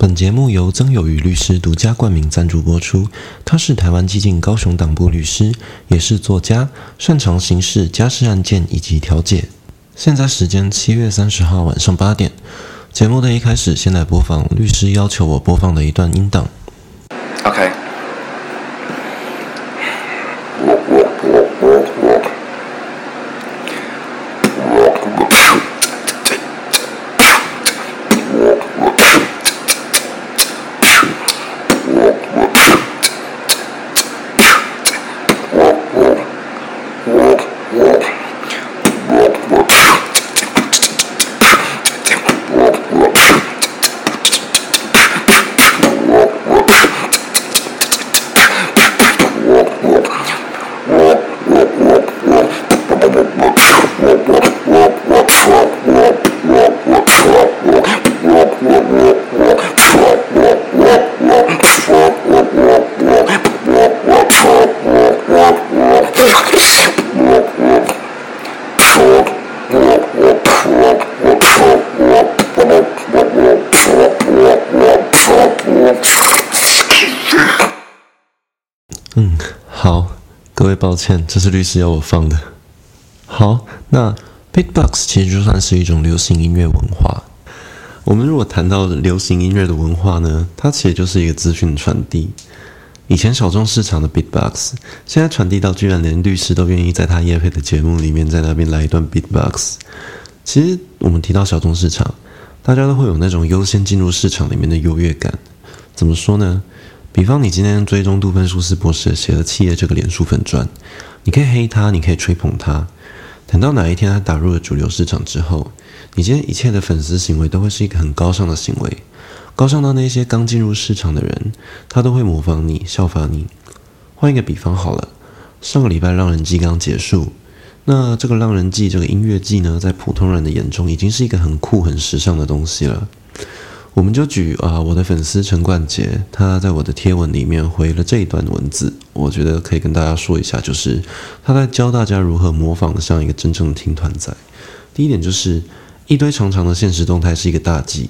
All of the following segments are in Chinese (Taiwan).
本節目由曾友俞律師獨家冠名贊助播出。他是台灣基進高雄黨部律師，也是作家，擅長刑事、家事案件以及調解。現在時間七月三十號晚上八點。節目的一開始，先來播放律師要求我播放的一段音檔。OK。抱歉，這是律師要我放的。好，那 beatbox 其實就算是一種流行音樂文化。我們如果談到流行音樂的文化呢，它其實就是一個資訊傳遞。以前小眾市場的 beatbox，現在傳遞到居然連律師都願意在他業配的節目裡面，在那邊來一段 beatbox。其實我們提到小眾市場，大家都會有那種優先進入市場裡面的優越感。怎麼說呢？比方你今天追蹤杜芬舒斯博士寫了七頁這個臉書粉專，你可以黑他，你可以吹捧他。等到哪一天他打入了主流市場之後，你今天一切的粉絲行為都會是一個很高尚的行為，高尚到那些剛進入市場的人，他都會模仿你、效仿你。換一個比方好了，上個禮拜浪人祭剛結束，那這個浪人祭這個音樂祭呢，在普通人的眼中已經是一個很酷、很時尚的東西了。我們就舉啊，我的粉絲陳冠杰，他在我的貼文裡面回了這一段文字，我覺得可以跟大家說一下，就是他在教大家如何模仿的，像一個真正的聽團仔。第一點就是一堆長長的限時動態是一個大忌，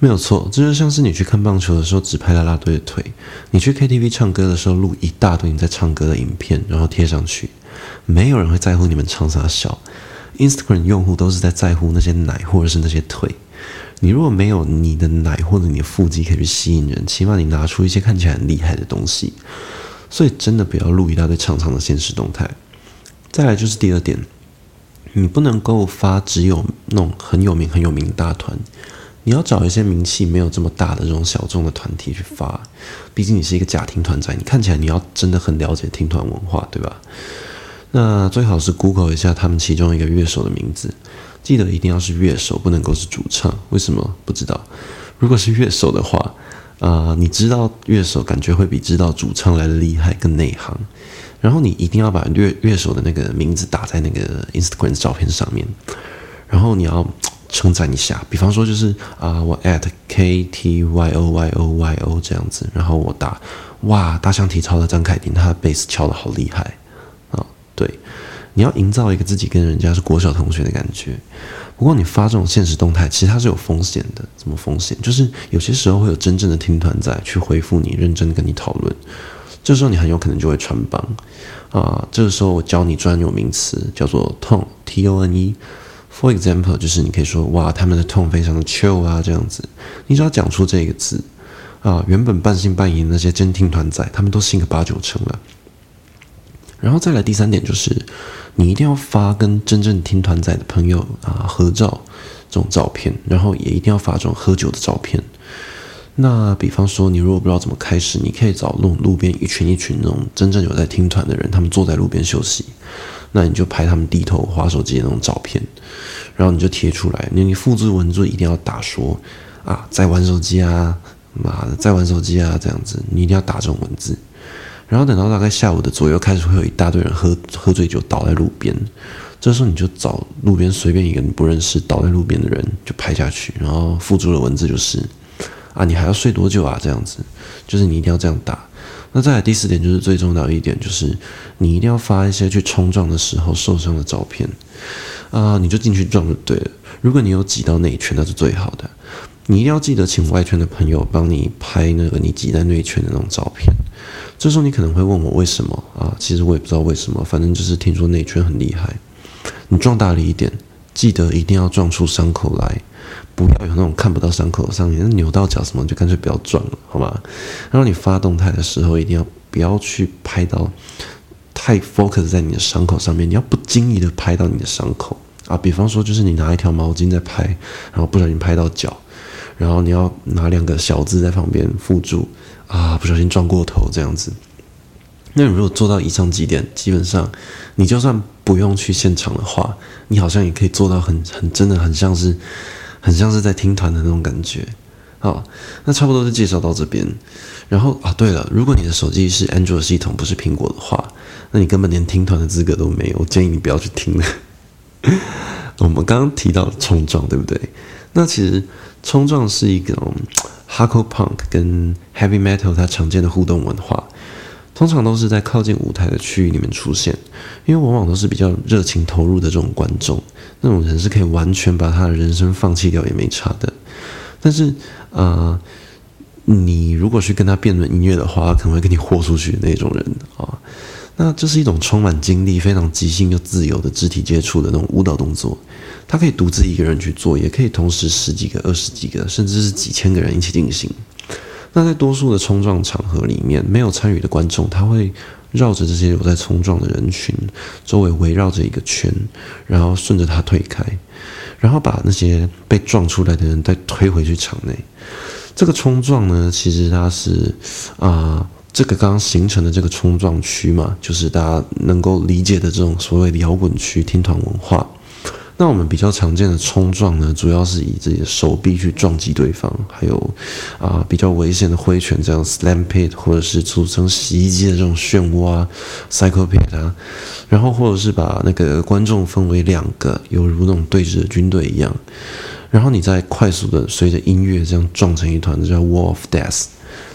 沒有錯，這就是、像是你去看棒球的時候只拍了拉拉隊的腿，你去 KTV 唱歌的時候錄一大堆你在唱歌的影片，然後貼上去，沒有人會在乎你們唱啥小，Instagram 用戶都是在在乎那些奶或者是那些腿。你如果沒有你的奶或者你的腹肌可以去吸引人，起碼你拿出一些看起來很厲害的東西。所以真的不要錄一大堆長長的限時動態。再來就是第二點，你不能夠發只有那種很有名很有名的大團，你要找一些名氣沒有這麼大的這種小眾的團體去發。畢竟你是一個假聽團仔，你看起來你要真的很了解聽團文化，對吧？那最好是 Google 一下他們其中一個樂手的名字。記得一定要是樂手，不能夠是主唱。為什麼不知道？如果是樂手的話，呃，你知道樂手感覺會比知道主唱來的厲害更內行。然後你一定要把樂樂手的那個名字打在那個 Instagram 的照片上面。然後你要稱讚一下，比方說就是啊、呃，我艾特 K T Y O Y O Y O 這樣子。然後我打哇，大象體操的張凱婷，他的 bass 敲得好厲害啊、哦！對。你要營造一個自己跟人家是國小同學的感覺。不過，你發這種現實動態，其實它是有風險的。什麼風險？就是有些時候會有真正的聽，聽團仔去回復你，認真跟你討論。這個、時候你很有可能就會穿幫啊、呃。這個時候我教你專有名詞，叫做 tone t o n e。For example，就是你可以說哇，他們的 tone 非常的 chill 啊，這樣子。你只要講出這個字啊、呃，原本半信半疑的那些真聽團仔，他們都信個八九成了。然後再來第三點就是。你一定要發跟真正聽團仔的朋友啊合照這種照片，然後也一定要發這種喝酒的照片。那比方說，你如果不知道怎麼開始，你可以找那種路路邊一群一群那種真正有在聽團的人，他們坐在路邊休息，那你就拍他們低頭滑手機的那種照片，然後你就貼出來。你你複製文字一定要打說啊，在玩手機啊，媽的，在玩手機啊，這樣子，你一定要打這種文字。然後等到大概下午的左右，開始會有一大堆人喝喝醉酒倒在路邊。這時候你就找路邊隨便一個你不認識倒在路邊的人就拍下去，然後附注的文字就是：“啊，你還要睡多久啊？”這樣子，就是你一定要這樣打。那再來第四點，就是最重要的一點，就是你一定要發一些去衝撞的時候受傷的照片。啊、呃，你就進去撞就對了。如果你有擠到那一圈，那是最好的。你一定要記得請外圈的朋友幫你拍那個你擠在內圈的那種照片。這時候你可能會問我為什麼啊？其實我也不知道為什麼，反正就是聽說內圈很厲害。你撞大力一點，記得一定要撞出傷口來，不要有那種看不到傷口的傷。你扭到腳什麼，就乾脆不要撞了，好嗎？然後你發動態的時候，一定要不要去拍到太 focus 在你的傷口上面。你要不經意的拍到你的傷口啊，比方說就是你拿一條毛巾在拍，然後不小心拍到腳，然後你要拿兩個小字在旁邊附註。啊，不小心撞過頭這樣子。那你如果做到以上幾點，基本上你就算不用去現場的話，你好像也可以做到很很真的很像是，很像是在聽團的那種感覺。好，那差不多就介紹到這邊。然後啊，對了，如果你的手機是安卓系統，不是蘋果的話，那你根本連聽團的資格都沒有。我建議你不要去聽了。 我們剛剛提到了衝撞，對不對？那其實衝撞是一個。Hardcore Punk 跟 Heavy Metal 它常見的互動文化，通常都是在靠近舞台的區域裡面出現，因為往往都是比較熱情投入的這種觀眾，那種人是可以完全把他的人生放棄掉也沒差的。但是啊、呃，你如果去跟他辯論音樂的話，他可能會跟你豁出去的那種人啊。那這是一種充滿精力、非常即興又自由的肢體接觸的那種舞蹈動作，它可以獨自一個人去做，也可以同時十幾個、二十幾個，甚至是幾千個人一起進行。那在多數的衝撞場合裡面，沒有參與的觀眾他會繞着這些有在衝撞的人群周圍圍繞着一個圈，然後順着它推開，然後把那些被撞出來的人再推回去場內。這個衝撞呢，其實它是啊。呃這個剛剛形成的這個衝撞區嘛，就是大家能夠理解的這種所謂的搖滾區、聽團文化。那我們比較常見的衝撞呢，主要是以自己的手臂去撞擊對方，還有啊、呃、比較危險的揮拳，這樣 slam pit，或者是組成洗衣機的這種漩渦啊 circle pit 啊。然後或者是把那個觀眾分為兩個，猶如那種對峙的軍隊一樣。然後你再快速的隨着音樂這樣撞成一團，這叫 wall of death。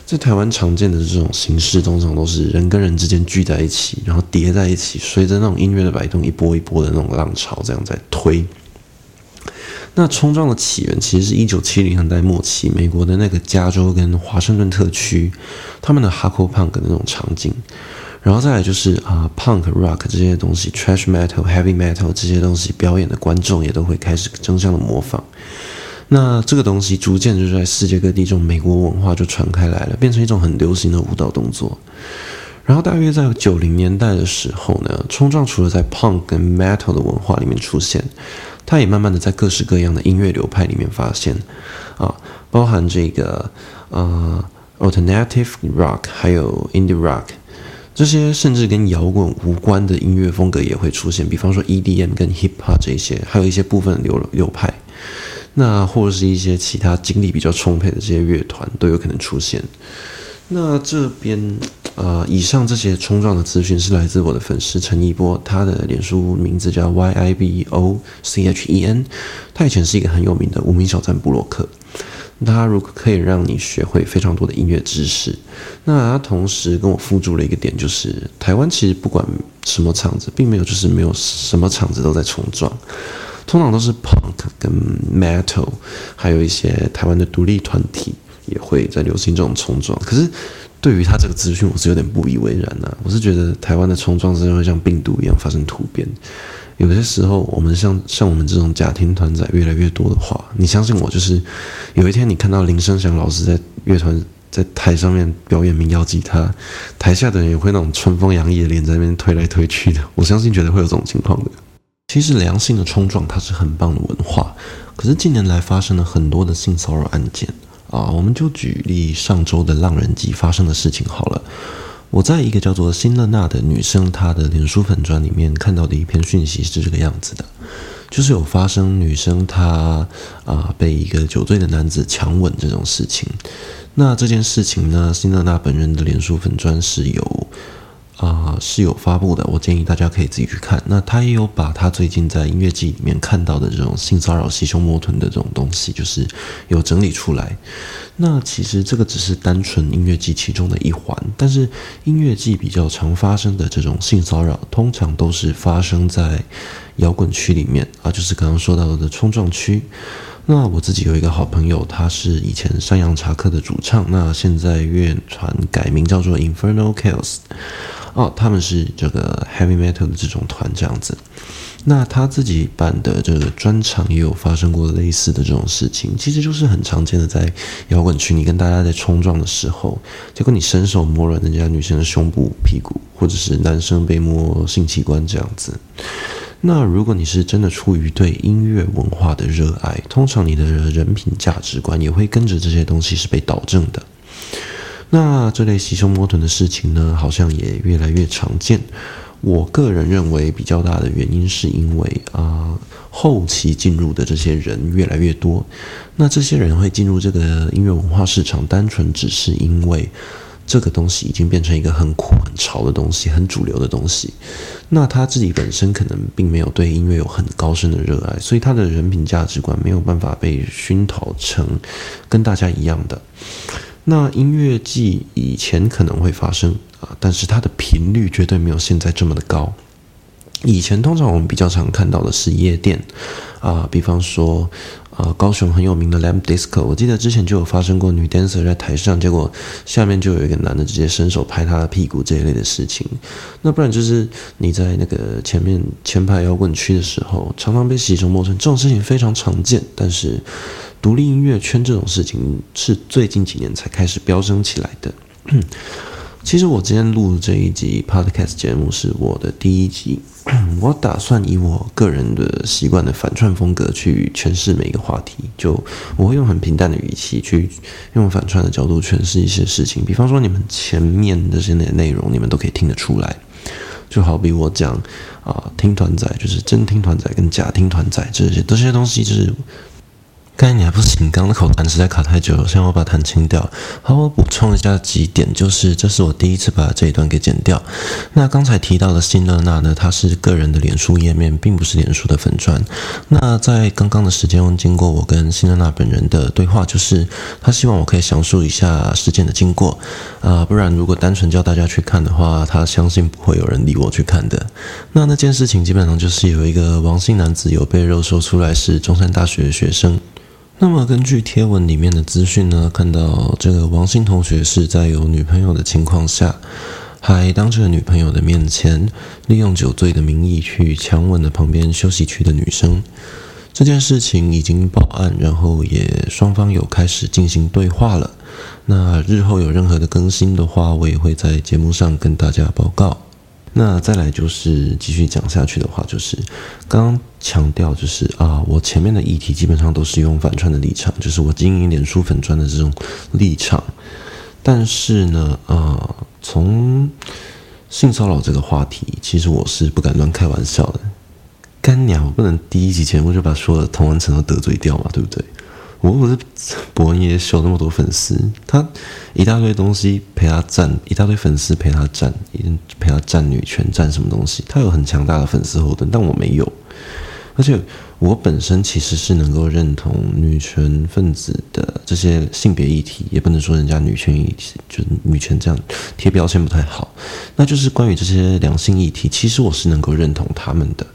在台灣常見的這種形式，通常都是人跟人之間聚在一起，然後疊在一起，隨着那種音樂的擺動，一波一波的那種浪潮，這樣在推。那衝撞的起源其實是一九七零年代末期，美國的那個加州跟華盛頓特區，他們的 hardcore punk 的那種場景，然後再來就是啊、呃，punk rock 這些東西，trash metal、heavy metal 這些東西，表演的觀眾也都會開始爭相的模仿。那這個東西逐漸就在世界各地，這種美國文化就傳開來了，變成一種很流行的舞蹈動作。然後大約在九零年代的時候呢，衝撞除了在 punk 跟 metal 的文化裡面出現，它也慢慢的在各式各樣的音樂流派裡面發現啊，包含這個呃 alternative rock 還有 indie rock 這些，甚至跟搖滾無關的音樂風格也會出現，比方說 EDM 跟 hip hop 這些，還有一些部分流流派。那或者是一些其他精力比較充沛的這些樂團都有可能出現。那這邊呃，以上這些衝撞的資訊是來自我的粉絲陳一波，他的臉書名字叫 Y I B O C H E N。他以前是一個很有名的無名小站部落客。他如果可以讓你學會非常多的音樂知識，那他同時跟我附注了一個點，就是台灣其實不管什麼場子，並沒有就是沒有什麼場子都在衝撞。通常都是 punk 跟 metal，還有一些台灣的獨立團體也會在流行這種衝撞。可是，對於他這個資訊，我是有點不以為然的、啊。我是覺得台灣的衝撞真的會像病毒一樣發生突變。有些時候，我們像像我們這種假聽團仔越來越多的話，你相信我，就是有一天你看到林生祥老師在樂團在台上面表演民謠吉他，台下的人也會那種春風洋溢的臉在那邊推來推去的。我相信，絕對會有這種情況的。其實良性的衝撞它是很棒的文化，可是近年來發生了很多的性騷擾案件啊，我們就舉例上周的浪人祭發生的事情好了。我在一個叫做辛樂娜的女生她的臉書粉專裡面看到的一篇訊息是這個樣子的，就是有發生女生她啊被一個酒醉的男子強吻這種事情。那這件事情呢，辛樂娜本人的臉書粉專是有。啊、呃，是有發布的。我建議大家可以自己去看。那他也有把他最近在音樂祭裡面看到的這種性騷擾、襲胸摸臀的這種東西，就是有整理出來。那其實這個只是單純音樂祭其中的一環，但是音樂祭比較常發生的這種性騷擾，通常都是發生在搖滾區裡面啊，就是剛剛說到的衝撞區。那我自己有一個好朋友，他是以前山羊查克的主唱，那現在樂團改名叫做 Infernal Chaos。哦，他們是這個 heavy metal 的這種團這樣子，那他自己辦的這個專場也有發生過類似的這種事情，其實就是很常見的在搖滾區，你跟大家在衝撞的時候，結果你伸手摸了人家女生的胸部、屁股，或者是男生被摸性器官這樣子。那如果你是真的出於對音樂文化的熱愛，通常你的人品、價值觀也會跟着這些東西是被導正的。那這類襲胸摸臀的事情呢，好像也越來越常見。我個人認為比較大的原因是因為啊、呃，後期進入的這些人越來越多。那這些人會進入這個音樂文化市場，單純只是因為這個東西已經變成一個很酷、很潮的東西，很主流的東西。那他自己本身可能並沒有對音樂有很高深的熱愛，所以他的人品價值觀沒有辦法被熏陶成跟大家一樣的。那音樂祭以前可能會發生啊、呃，但是它的頻率絕對沒有現在這麼的高。以前通常我們比較常看到的是夜店啊、呃，比方說啊、呃，高雄很有名的 Lamp Disco，我記得之前就有發生過女 dancer 在台上，結果下面就有一個男的直接伸手拍她的屁股這一類的事情。那不然就是你在那個前面前排搖滾區的時候，常常被襲胸陌生這種事情非常常見，但是。獨立音樂圈這種事情是最近幾年才開始飆升起來的。其實我今天錄的這一集 Podcast 節目是我的第一集，我打算以我個人的習慣的反串風格去詮釋每一個話題。就我會用很平淡的語氣去用反串的角度詮釋一些事情，比方說你們前面的這些內容，你們都可以聽得出來。就好比我講啊、呃，聽團仔就是真聽團仔跟假聽團仔這些，這些東西就是。剛才你還不行，剛那口痰實在卡太久了，現在我把痰清掉。好，我補充一下幾點，就是這是我第一次把這一段給剪掉。那剛才提到的新勒娜呢，她是個人的臉書頁面，並不是臉書的粉專。那在剛剛的時間經過我跟新勒娜本人的對話，就是她希望我可以詳述一下事件的經過。啊、呃，不然如果單純叫大家去看的話，她相信不會有人理我去看的。那那件事情基本上就是有一個王姓男子有被肉搜出來是中山大學的學生。那麼根據貼文裡面的資訊呢，看到這個王鑫同學是在有女朋友的情況下，還當着女朋友的面前，利用酒醉的名義去強吻了旁邊休息區的女生。這件事情已經報案，然後也雙方有開始進行對話了。那日後有任何的更新的話，我也會在節目上跟大家報告。那再來就是繼續講下去的話，就是剛剛強調就是啊，我前面的議題基本上都是用粉專的立場，就是我經營臉書粉專的這種立場。但是呢，啊，從性騷擾這個話題，其實我是不敢亂開玩笑的。幹鳥我不能第一集前我就把所有的同溫層都得罪掉嘛，對不對？我不是博恩，也修那麼多粉絲，他一大堆東西陪他站，一大堆粉絲陪他站，陪他站女權站什麼東西？他有很強大的粉絲後盾，但我沒有。而且我本身其實是能夠認同女權分子的這些性別議題，也不能說人家女權議題就是女權這樣貼標籤不太好。那就是關於這些良性議題，其實我是能夠認同他們的。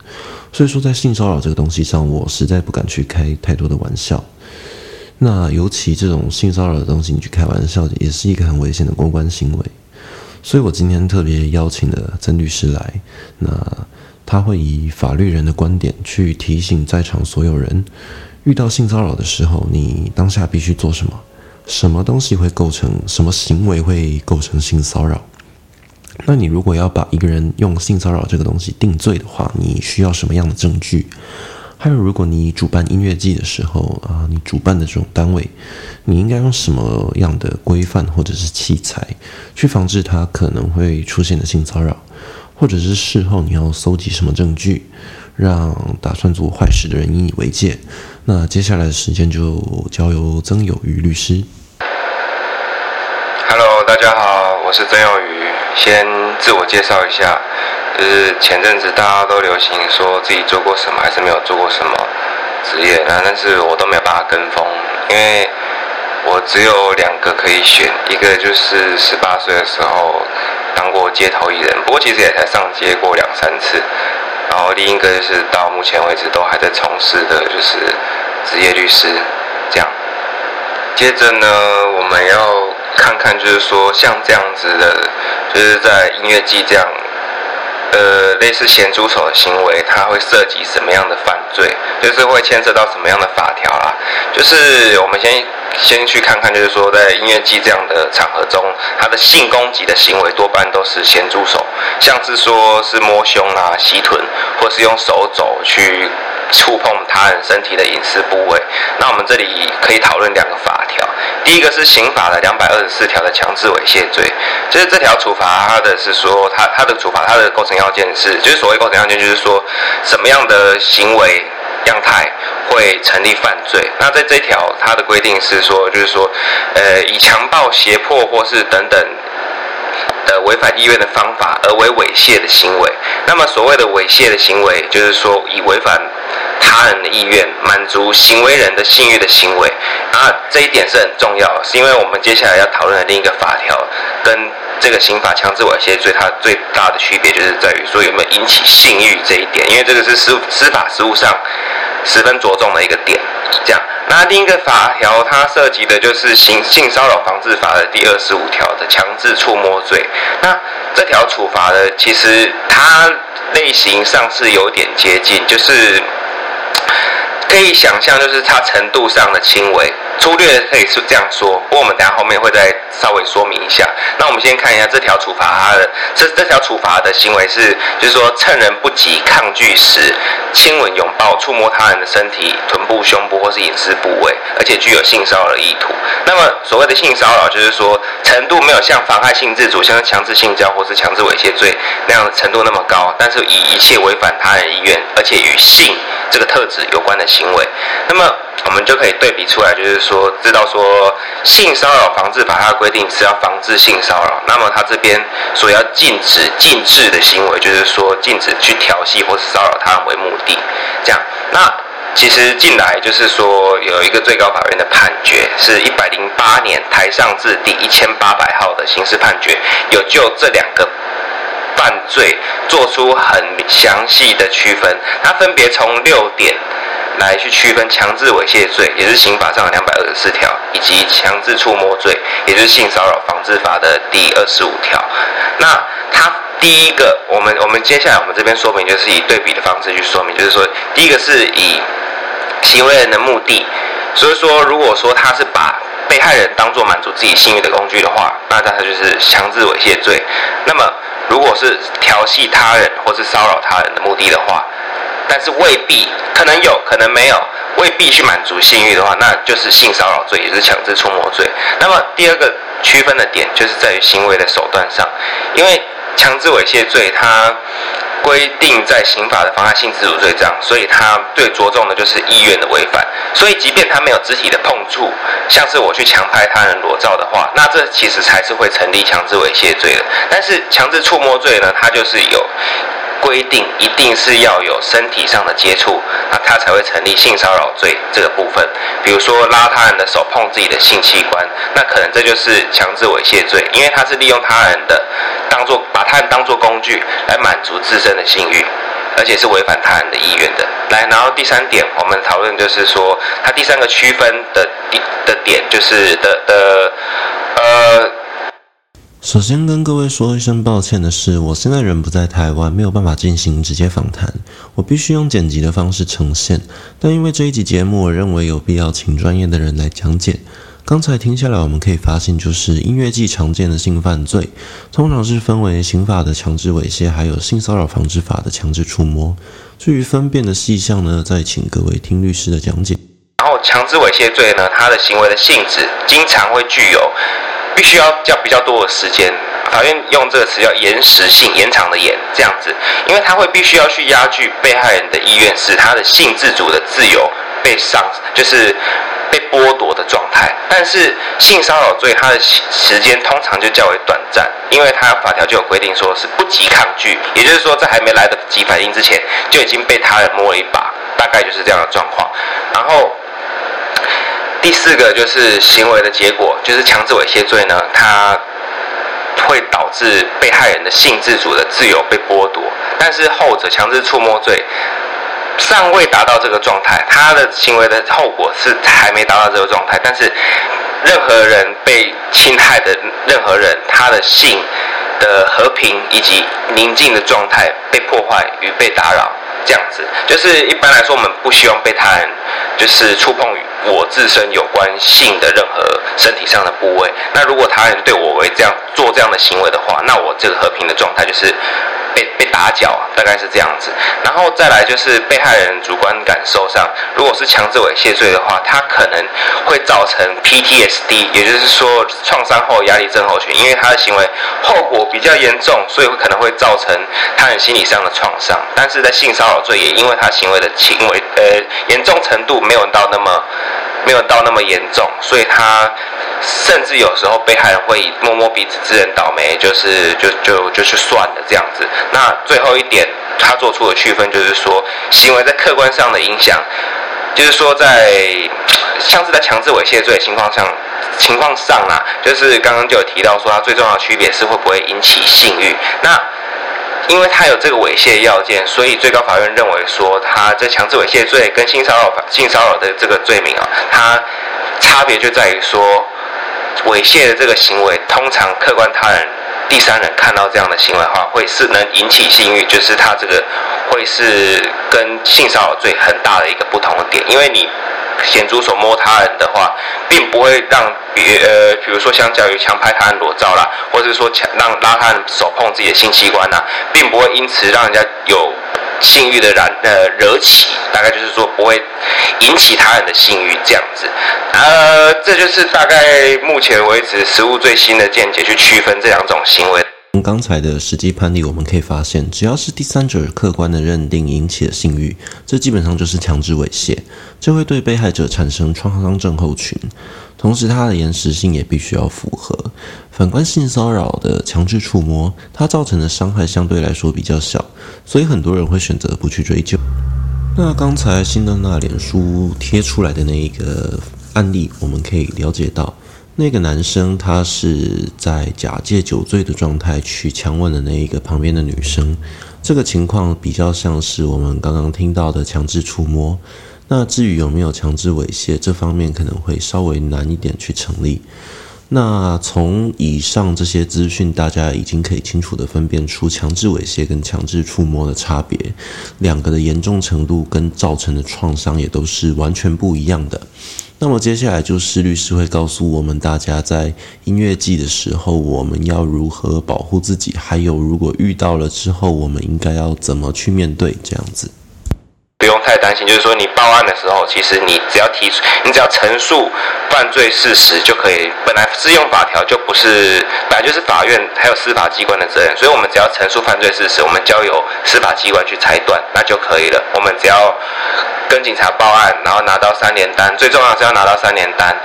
所以說，在性騷擾這個東西上，我實在不敢去開太多的玩笑。那尤其這種性騷擾的東西，你去開玩笑，也是一個很危險的公關行為。所以我今天特別邀請了曾律師來，那他會以法律人的觀點去提醒在場所有人：遇到性騷擾的時候，你當下必須做什麼？什麼東西會構成？什麼行為會構成性騷擾？那你如果要把一個人用性騷擾這個東西定罪的話，你需要什麼樣的證據？還有，如果你主辦音樂祭的時候啊，你主辦的這種單位，你應該用什麼樣的規範或者是器材，去防止它可能會出現的性騷擾，或者是事後你要搜集什麼證據，讓打算做壞事的人引以為戒。那接下來的時間就交由曾友俞律師。Hello，大家好，我是曾友俞，先自我介紹一下。就是前陣子大家都流行說自己做過什麼，還是沒有做過什麼職業，那但是我都沒有辦法跟風，因為我只有兩個可以選，一個就是十八歲的時候當過街頭藝人，不過其實也才上街過兩三次，然後另一個就是到目前為止都還在從事的就是職業律師，這樣。接着呢，我們要看看就是說像這樣子的，就是在音樂祭這樣。呃，類似鹹豬手的行為，它會涉及什麼樣的犯罪？就是會牽涉到什麼樣的法條啊？就是我們先先去看看，就是說在音樂祭這樣的場合中，他的性攻擊的行為多半都是鹹豬手，像是說是摸胸啊、襲臀，或是用手肘去觸碰他人身體的隱私部位。那我們這裡可以討論兩個法條。第一個是刑法的兩百二十四條的強制猥褻罪，就是這條處罰，它的是說它它的處罰它的構成要件是，就是所謂構成要件，就是說什麼樣的行為樣態會成立犯罪。那在這條它的規定是說，就是說，呃，以強暴、脅迫或是等等。的違反意願的方法，而為猥褻的行為。那麼所謂的猥褻的行為，就是說以違反他人的意願，滿足行為人的性欲的行為。啊，這一點是很重要的，是因為我們接下來要討論的另一個法條，跟這個刑法強制猥褻罪它最大的區別，就是在於說有沒有引起性欲這一點。因為這個是司司法實務上十分着重的一個點。這樣，那第一個法條，它涉及的就是《性性騷擾防治法》的第二十五條的強制觸摸罪。那這條處罰呢，其實它類型上是有點接近，就是。可以想象，就是他程度上的輕微，粗略可以是這樣說，不過我們等下後面會再稍微說明一下。那我們先看一下這條處罰他的這這條處罰的行為是，就是說趁人不及抗拒時親吻、擁抱、觸摸他人的身體、臀部、胸部或是隱私部位，而且具有性騷擾的意圖。那麼所謂的性騷擾，就是說程度沒有像妨害性自主、像是強制性交或是強制猥褻罪那樣的程度那麼高，但是以一切違反他人的意願，而且與性這個特質有關的性，行為，那麼我們就可以對比出來，就是說知道說性騷擾防治法它的規定是要防治性騷擾，那麼它這邊所要禁止、禁止的行為，就是說禁止去調戲或是騷擾他為目的，這樣。那其實近來就是說有一個最高法院的判決，是一百零八年台上字第一千八百號的刑事判決，有就這兩個犯罪做出很詳細的區分，它分別從六點。來去區分強制猥褻罪，也是刑法上的兩百二十四條，以及強制觸摸罪，也就是性騷擾防治法的第二十五條。那他第一個，我們我們接下來我們這邊說明，就是以對比的方式去說明，就是說第一個是以行為人的目的，所以說如果說他是把被害人當作滿足自己性欲的工具的話，那他就是強制猥褻罪。那麼如果是調戲他人或是騷擾他人的目的的話，但是未必可能有可能沒有未必去滿足性欲的話，那就是性騷擾罪，也是強制觸摸罪。那麼第二個區分的點就是在於行為的手段上，因為強制猥褻罪它規定在刑法的妨害性自主罪章，所以它最着重的就是意願的違反。所以即便他沒有肢體的碰觸，像是我去強拍他人裸照的話，那這其實才是會成立強制猥褻罪的。但是強制觸摸罪呢，它就是有。規定一定是要有身體上的接觸，那他才會成立性騷擾罪這個部分。比如說拉他人的手碰自己的性器官，那可能這就是強制猥褻罪，因為他是利用他人的當，當做把他人當作工具來滿足自身的性慾，而且是違反他人的意願的。來，然後第三點，我們討論就是說，他第三個區分的的，的點就是的的呃。首先跟各位說一聲抱歉的是，我現在人不在台灣，沒有辦法進行直接訪談，我必須用剪輯的方式呈現。但因為這一集節目，我認為有必要請專業的人來講解。剛才聽下來，我們可以發現，就是音樂祭常見的性犯罪，通常是分為刑法的強制猥褻，還有性騷擾防治法的強制觸摸。至於分辨的細項呢，再請各位聽律師的講解。然後，強制猥褻罪呢，它的行為的性質經常會具有。必須要較比較多的時間，法院用這個詞叫“延時性延長”的延，這樣子，因為他會必須要去壓制被害人的意願，使他的性自主的自由被傷，就是被剝奪的狀態。但是性騷擾罪，他的時間通常就較為短暫，因為他法條就有規定說是不及抗拒，也就是說在還沒來得及反應之前，就已經被他人摸了一把，大概就是這樣的狀況。然後。第四個就是行為的結果，就是強制猥褻罪呢，它會導致被害人的性自主的自由被剝奪。但是後者強制觸摸罪尚未達到這個狀態，他的行為的後果是還沒達到這個狀態。但是任何人被侵害的任何人，他的性的和平以及寧靜的狀態被破壞與被打擾。這樣子，就是一般來說，我們不希望被他人就是觸碰與我自身有關性的任何身體上的部位。那如果他人對我為這樣做這樣的行為的話，那我這個和平的狀態就是。被被打攪、啊，大概是這樣子。然後再來就是被害人主觀感受上，如果是強制猥褻罪的話，他可能會造成 PTSD，也就是說創傷後壓力症候群。因為他的行為後果比較嚴重，所以可能會造成他人心理上的創傷。但是在性騷擾罪也因為他行為的輕微呃嚴重程度沒有到那麼。沒有到那麼嚴重，所以他甚至有時候被害人會以摸摸鼻子自認倒霉，就是就就就去算了這樣子。那最後一點，他做出的區分就是說，行為在客觀上的影響，就是說在像是在強制猥褻罪的情況上情況上啊，就是剛剛就有提到說，他最重要的區別是會不會引起性慾。那因為他有這個猥褻要件，所以最高法院認為說，他這強制猥褻罪跟性騷擾、性騷擾的這個罪名啊，他差別就在於說，猥褻的這個行為通常客觀他人。第三人看到這樣的行為的話，會是能引起性慾，就是他這個會是跟性騷擾罪很大的一個不同的點，因為你鹹豬手摸他人的話，並不會讓別呃，比如說相較於強拍他人裸照啦，或者說強讓拉他人手碰自己的性器官啦，並不會因此讓人家有。性慾的燃呃惹起，大概就是說不會引起他人的性慾這樣子，呃，這就是大概目前為止實務最新的見解，去區分這兩種行為。從剛才的實際判例，我們可以發現，只要是第三者客觀的認定引起的性慾，這基本上就是強制猥褻，這會對被害者產生創傷症候群，同時它的延時性也必須要符合。反觀性騷擾的強制觸摸，它造成的傷害相對來說比較小，所以很多人會選擇不去追究。那剛才新的那臉書貼出來的那一個案例，我們可以了解到。那個男生他是在假借酒醉的狀態去強吻的那一個旁邊的女生，這個情況比較像是我們剛剛聽到的強制觸摸。那至於有沒有強制猥褻，這方面可能會稍微難一點去成立。那從以上這些資訊，大家已經可以清楚的分辨出強制猥褻跟強制觸摸的差別，兩個的嚴重程度跟造成的創傷也都是完全不一樣的。那麼接下來就是律師會告訴我們大家，在音樂祭的時候，我們要如何保護自己，還有如果遇到了之後，我們應該要怎麼去面對，這樣子。不用太擔心，就是說你報案的時候，其實你只要提出，你只要陳述犯罪事實就可以。本來適用法條就不是，本來就是法院還有司法機關的責任，所以我們只要陳述犯罪事實，我們交由司法機關去裁斷，那就可以了。我們只要。跟警察報案，然後拿到三聯單，最重要的是要拿到三聯單。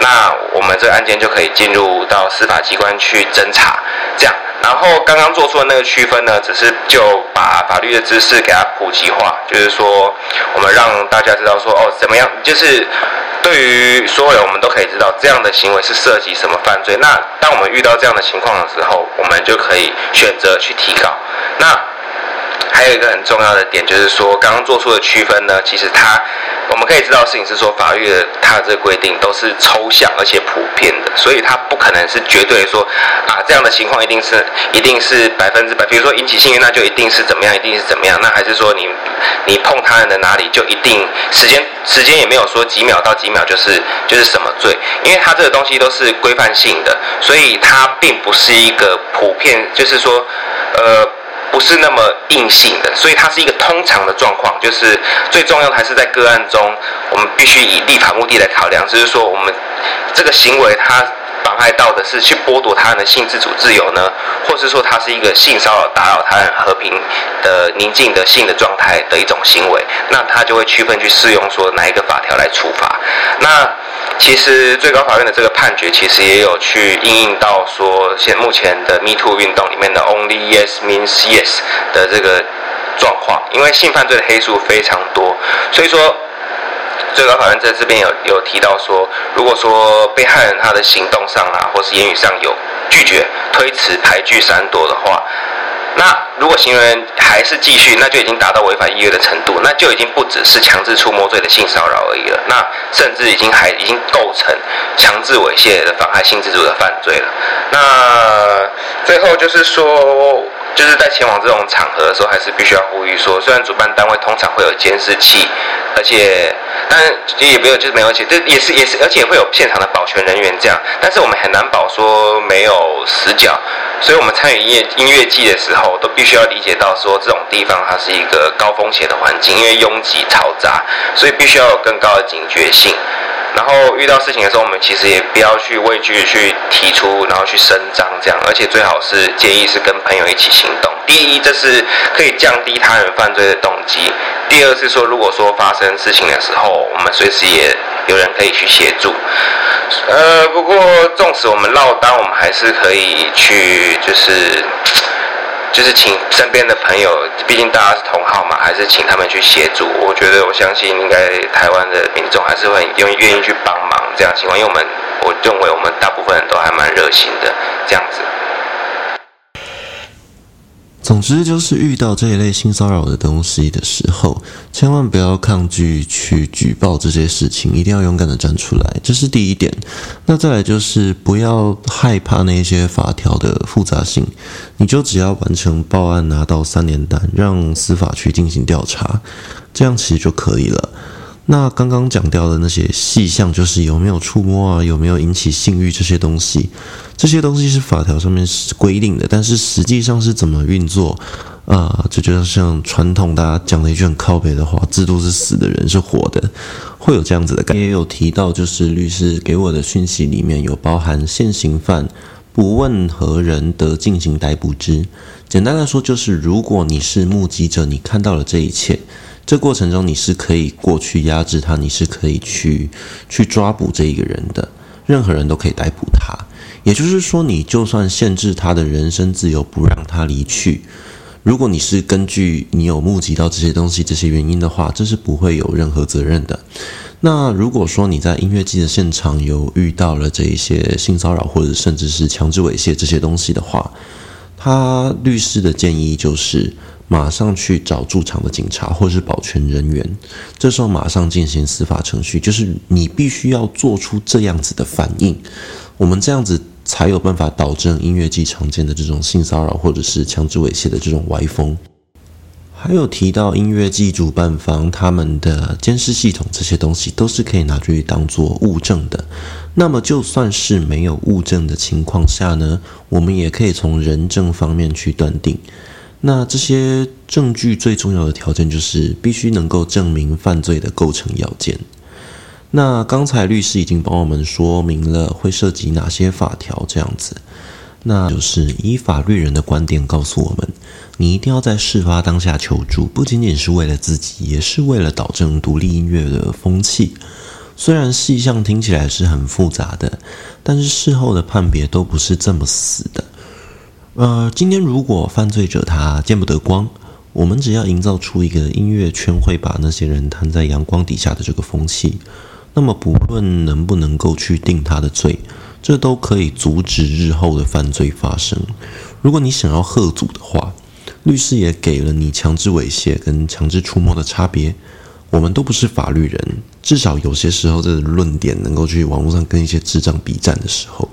那我們這個案件就可以進入到司法機關去偵查，這樣。然後剛剛做出的那個區分呢，只是就把法律的知識給它普及化，就是說我們讓大家知道說哦，怎麼樣，就是對於所有人我們都可以知道這樣的行為是涉及什麼犯罪。那當我們遇到這樣的情況的時候，我們就可以選擇去提告。那還有一個很重要的點，就是說剛剛做出的區分呢，其實它我們可以知道事情是說法律的它的這個規定都是抽象而且普遍的，所以它不可能是絕對說啊，這樣的情況一定是，一定是百分之百，比如說引起性慾那就一定是怎麼樣，一定是怎麼樣。那還是說你你碰他人的哪裡就一定時間，時間也沒有說幾秒到幾秒就是，就是什麼罪，因為它這個東西都是規範性的，所以它並不是一個普遍，就是說呃。不是那麼硬性的，所以它是一個通常的狀況。就是最重要的還是在個案中，我們必須以立法目的來考量。就是說，我們這個行為它。傷害到的是去剝奪他人的性自主自由呢，或是說他是一個性騷擾，打擾他人和平的寧靜的性的狀態的一種行為，那他就會區分去適用說哪一個法條來處罰。那其實最高法院的這個判決其實也有去應用到說現目前的 Me Too 運動裡面的 Only Yes Means Yes 的這個狀況，因為性犯罪的黑數非常多，所以說。最高法院在這邊有有提到說，如果說被害人他的行動上啊，或是言語上有拒絕、推辭、排拒、閃躲的話，那如果行為人還是繼續，那就已經達到違反意願的程度，那就已經不只是強制觸摸罪的性騷擾而已了，那甚至已經還已經構成強制猥褻的妨害性自主的犯罪了。那最後就是說，就是在前往這種場合的時候，還是必須要呼籲說，雖然主辦單位通常會有監視器，而且。但也沒有，就是沒問題，這也是也是，而且也會有現場的保全人員這樣。但是我們很難保說沒有死角，所以我們參與音樂音樂祭的時候，都必須要理解到說這種地方它是一個高風險的環境，因為擁擠嘈雜，所以必須要有更高的警覺性。然後遇到事情的時候，我們其實也不要去畏懼去提出，然後去伸張這樣，而且最好是建議是跟朋友一起行動。第一，這是可以降低他人犯罪的動機；第二是說，如果說發生事情的時候，我們隨時也有人可以去協助。呃，不過縱使我們落單，我們還是可以去就是。就是請身邊的朋友，畢竟大家是同好嘛，還是請他們去協助。我覺得，我相信應該台灣的民眾還是會願願意去幫忙這樣情況，因為我們我認為我們大部分人都還蠻熱心的。這樣子，總之就是遇到這一類性騷擾的東西的時候，千萬不要抗拒去舉報這些事情，一定要勇敢的站出來，這是第一點。那再來就是不要害怕那些法條的複雜性。你就只要完成報案，拿到三聯單，讓司法去進行調查，這樣其實就可以了。那剛剛講掉的那些細項，就是有沒有觸摸啊，有沒有引起性欲這些東西，這些東西是法條上面是規定的，但是實際上是怎麼運作啊、呃？就就像像傳統大家講的一句很靠北的話，“制度是死的人，人是活的”，會有這樣子的感覺。也有提到，就是律師給我的訊息裡面有包含現行犯。不問何人得進行逮捕之。簡單來說，就是如果你是目擊者，你看到了這一切，這過程中你是可以過去壓制他，你是可以去去抓捕這一個人的。任何人都可以逮捕他。也就是說，你就算限制他的人身自由，不讓他離去，如果你是根據你有目擊到這些東西、這些原因的話，這是不會有任何責任的。那如果說你在音樂祭的現場有遇到了這一些性騷擾或者甚至是強制猥褻這些東西的話，他律師的建議就是馬上去找駐場的警察或是保全人員，這時候馬上進行司法程序，就是你必須要做出這樣子的反應，我們這樣子才有辦法導致音樂祭常見的這種性騷擾或者是強制猥褻的這種歪風。還有提到音樂祭主辦方他們的監視系統，這些東西都是可以拿去當作物證的。那麼，就算是沒有物證的情況下呢，我們也可以從人證方面去斷定。那這些證據最重要的條件就是必須能夠證明犯罪的構成要件。那剛才律師已經幫我們說明了會涉及哪些法條，這樣子，那就是以法律人的觀點告訴我們。你一定要在事發當下求助，不僅僅是為了自己，也是為了導正獨立音樂的風氣。雖然細項聽起來是很複雜的，但是事後的判別都不是這麼死的。呃，今天如果犯罪者他見不得光，我們只要營造出一個音樂圈會把那些人攤在陽光底下的這個風氣，那麼不論能不能夠去定他的罪，這都可以阻止日後的犯罪發生。如果你想要嚇阻的話，律師也給了你強制猥褻跟強制觸摸的差別，我們都不是法律人，至少有些時候，這論點能夠去網絡上跟一些智障比戰的時候，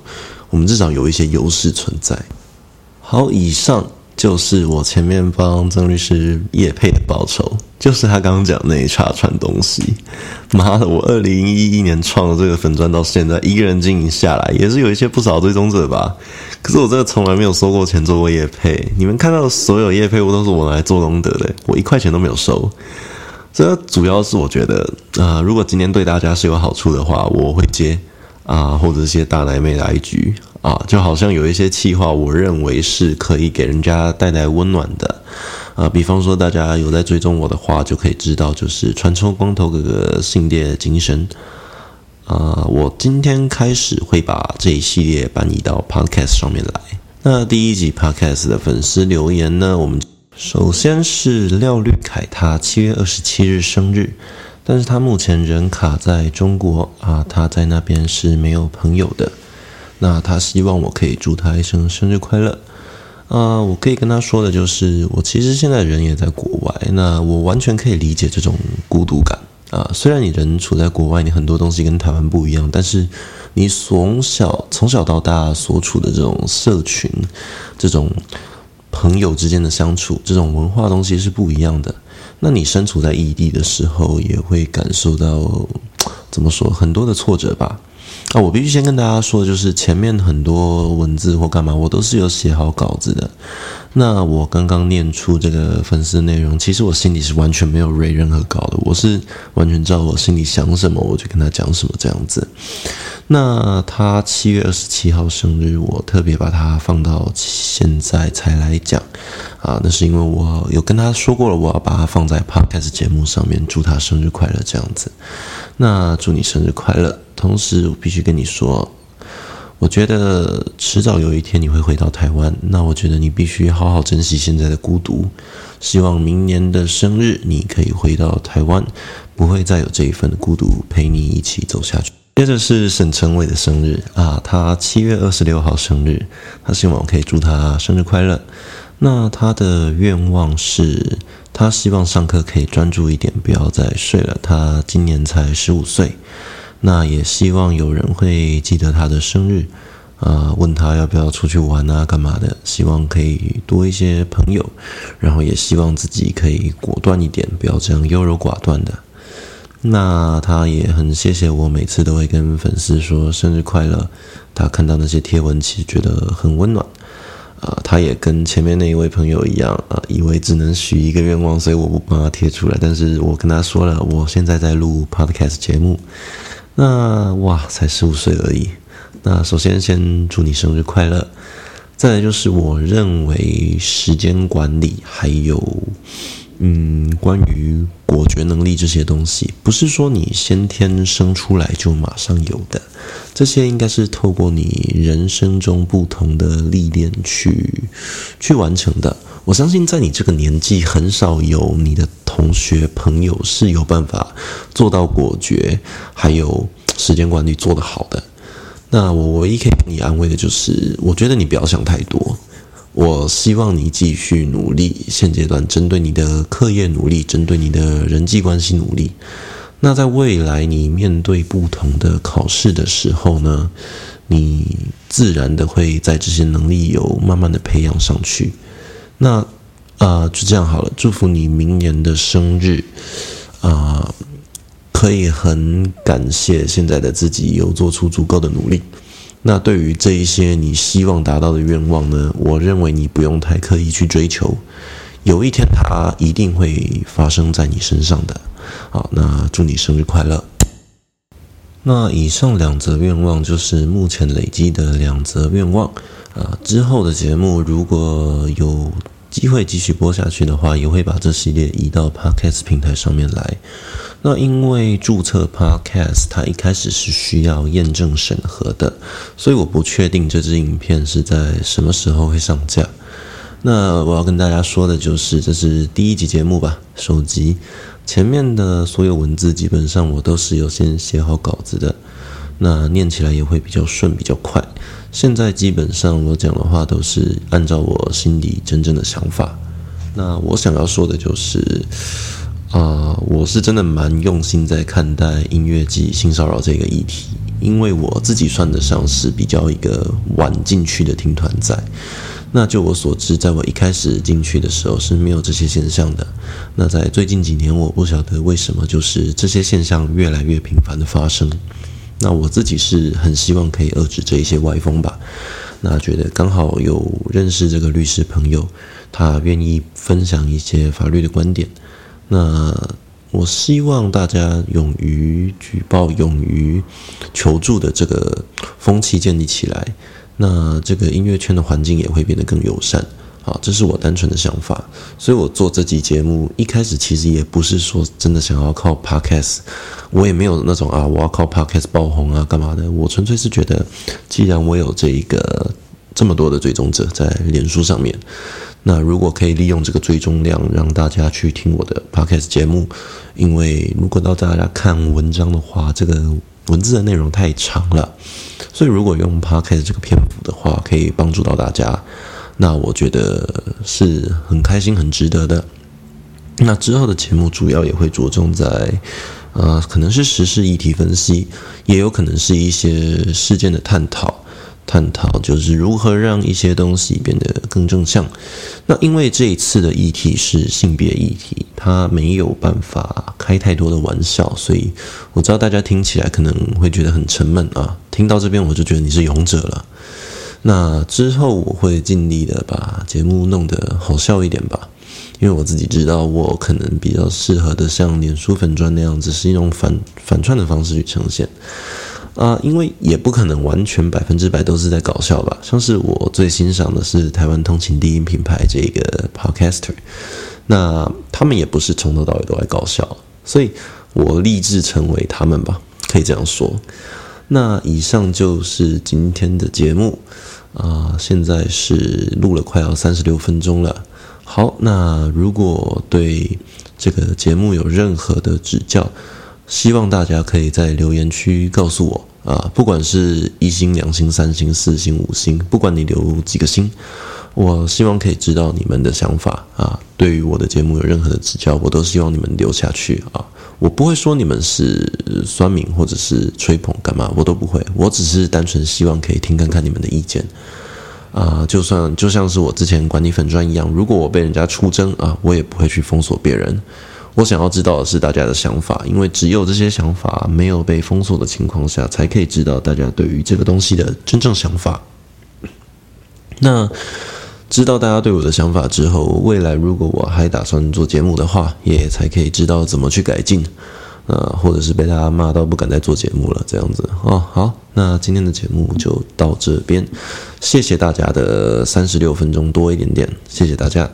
我們至少有一些優勢存在。好，以上。就是我前面幫曾律師業配的報酬，就是他剛剛講那一串串東西。媽的，我二零一一年創了這個粉專，到現在一個人經營下來，也是有一些不少追蹤者吧。可是我真的從來沒有收過錢做過業配，你們看到的所有業配我都是我來做功德的，我一塊錢都沒有收。這主要是我覺得，啊、呃、如果今天對大家是有好處的話，我會接。啊，或者是些大奶妹來一局啊，就好像有一些企劃，我認為是可以給人家帶來溫暖的。呃、啊，比方說大家有在追蹤我的話，就可以知道，就是傳說光頭哥哥系列精神。啊，我今天開始會把這一系列搬移到 podcast 上面來。那第一集 podcast 的粉絲留言呢，我們首先是廖綠凱，他七月二十七日生日。但是他目前人卡在中國啊，他在那邊是沒有朋友的。那他希望我可以祝他一聲生、生日快樂。呃、啊，我可以跟他說的就是，我其實現在人也在國外，那我完全可以理解這種孤獨感啊。雖然你人處在國外，你很多東西跟台灣不一樣，但是你從小從小到大所處的這種社群、這種朋友之間的相處、這種文化東西是不一樣的。那你身處在異地的時候，也會感受到怎麼說很多的挫折吧？啊，我必須先跟大家說，就是前面很多文字或幹嘛，我都是有寫好稿子的。那我剛剛念出這個粉絲內容，其實我心裡是完全沒有蕊任何稿的，我是完全知道我心裡想什麼，我就跟他講什麼這樣子。那他七月二十七號生日，我特別把它放到現在才來講啊。那是因為我有跟他說過了，我要把它放在 podcast 節目上面，祝他生日快樂這樣子。那祝你生日快樂。同時，我必須跟你說，我覺得遲早有一天你會回到台灣。那我覺得你必須好好珍惜現在的孤獨。希望明年的生日你可以回到台灣，不會再有這一份孤獨陪你一起走下去。接着是沈成偉的生日啊，他七月二十六號生日，他希望我可以祝他生日快樂。那他的願望是，他希望上課可以專注一點，不要再睡了。他今年才十五歲，那也希望有人會記得他的生日啊，問他要不要出去玩啊，幹嘛的？希望可以多一些朋友，然後也希望自己可以果斷一點，不要這樣優柔寡斷的。那他也很謝謝我，每次都會跟粉絲說生日快樂。他看到那些貼文，其實覺得很溫暖。呃，他也跟前面那一位朋友一樣，呃，以為只能許一個願望，所以我不幫他貼出來。但是我跟他說了，我現在在錄 podcast 節目。那哇，才十五歲而已。那首先先祝你生日快樂。再來就是我認為時間管理還有。嗯，關於果決能力這些東西，不是說你先天生出來就馬上有的，這些應該是透過你人生中不同的歷練去去完成的。我相信在你這個年紀，很少有你的同學朋友是有辦法做到果決，還有時間管理做得好的。那我唯一可以給你安慰的就是，我覺得你不要想太多。我希望你繼續努力。現階段針對你的課業努力，針對你的人際關係努力。那在未來你面對不同的考試的時候呢，你自然的會在這些能力有慢慢的培養上去。那啊、呃，就這樣好了。祝福你明年的生日啊、呃，可以很感謝現在的自己，有做出足夠的努力。那對於這一些你希望達到的願望呢，我認為你不用太刻意去追求，有一天它一定會發生在你身上的。好，那祝你生日快樂。那以上兩則願望就是目前累積的兩則願望啊。之後的節目如果有機會繼續播下去的話，也會把這系列移到 Podcast 平台上面來。那因為註冊 Podcast，它一開始是需要驗證審核的，所以我不確定這支影片是在什麼時候會上架。那我要跟大家說的就是，這是第一集節目吧，首集。前面的所有文字基本上我都是有先寫好稿子的，那念起來也會比較順，比較快。現在基本上我講的話都是按照我心裡真正的想法。那我想要說的就是，啊、uh，我是真的蠻用心在看待音樂祭性騷擾這個議題，因為我自己算得上是比較一個晚進去的聽團仔。那就我所知，在我一開始進去的時候是沒有這些現象的。那在最近幾年，我不曉得為什麼，就是這些現象越來越頻繁的發生。那我自己是很希望可以遏制這一些歪風吧。那覺得剛好有認識這個律師朋友，他願意分享一些法律的觀點。那我希望大家勇於舉報、勇於求助的這個風氣建立起來，那這個音樂圈的環境也會變得更友善。好，這是我單純的想法。所以我做這集節目一開始其實也不是說真的想要靠 podcast，我也沒有那種啊，我要靠 podcast 爆紅啊幹嘛的。我純粹是覺得，既然我有這一個這麼多的追蹤者在臉書上面。那如果可以利用這個追蹤量，讓大家去聽我的 podcast 節目，因為如果到大家看文章的話，這個文字的內容太長了，所以如果用 podcast 這個篇幅的話，可以幫助到大家，那我覺得是很開心、很值得的。那之後的節目主要也會着重在，呃，可能是時事議題分析，也有可能是一些事件的探討。探討就是如何讓一些東西變得更正向。那因為這一次的議題是性別議題，它沒有辦法開太多的玩笑，所以我知道大家聽起來可能會覺得很沉悶啊。聽到這邊，我就覺得你是勇者了。那之後我會盡力的把節目弄得好笑一點吧，因為我自己知道我可能比較適合的，像臉書粉專那樣子，是一種反反串的方式去呈現。啊、呃，因為也不可能完全百分之百都是在搞笑吧。像是我最欣賞的是台灣通勤第一品牌這個 Podcaster，那他們也不是從頭到尾都在搞笑，所以我立志成為他們吧，可以這樣說。那以上就是今天的節目啊、呃，現在是錄了快要三十六分鐘了。好，那如果對這個節目有任何的指教，希望大家可以在留言區告訴我啊，不管是一星、兩星、三星、四星、五星，不管你留幾個星，我希望可以知道你們的想法啊。對於我的節目有任何的指教，我都希望你們留下去啊。我不會說你們是酸民或者是吹捧幹嘛，我都不會。我只是單純希望可以聽看看你們的意見啊。就算就像是我之前管理粉專一樣，如果我被人家出征啊，我也不會去封鎖別人。我想要知道的是大家的想法，因為只有這些想法沒有被封鎖的情況下，才可以知道大家對於這個東西的真正想法。那知道大家對我的想法之後，未來如果我還打算做節目的話，也才可以知道怎麼去改進，呃，或者是被大家罵到不敢再做節目了這樣子。哦，好，那今天的節目就到這邊，謝謝大家的三十六分鐘多一點點，謝謝大家。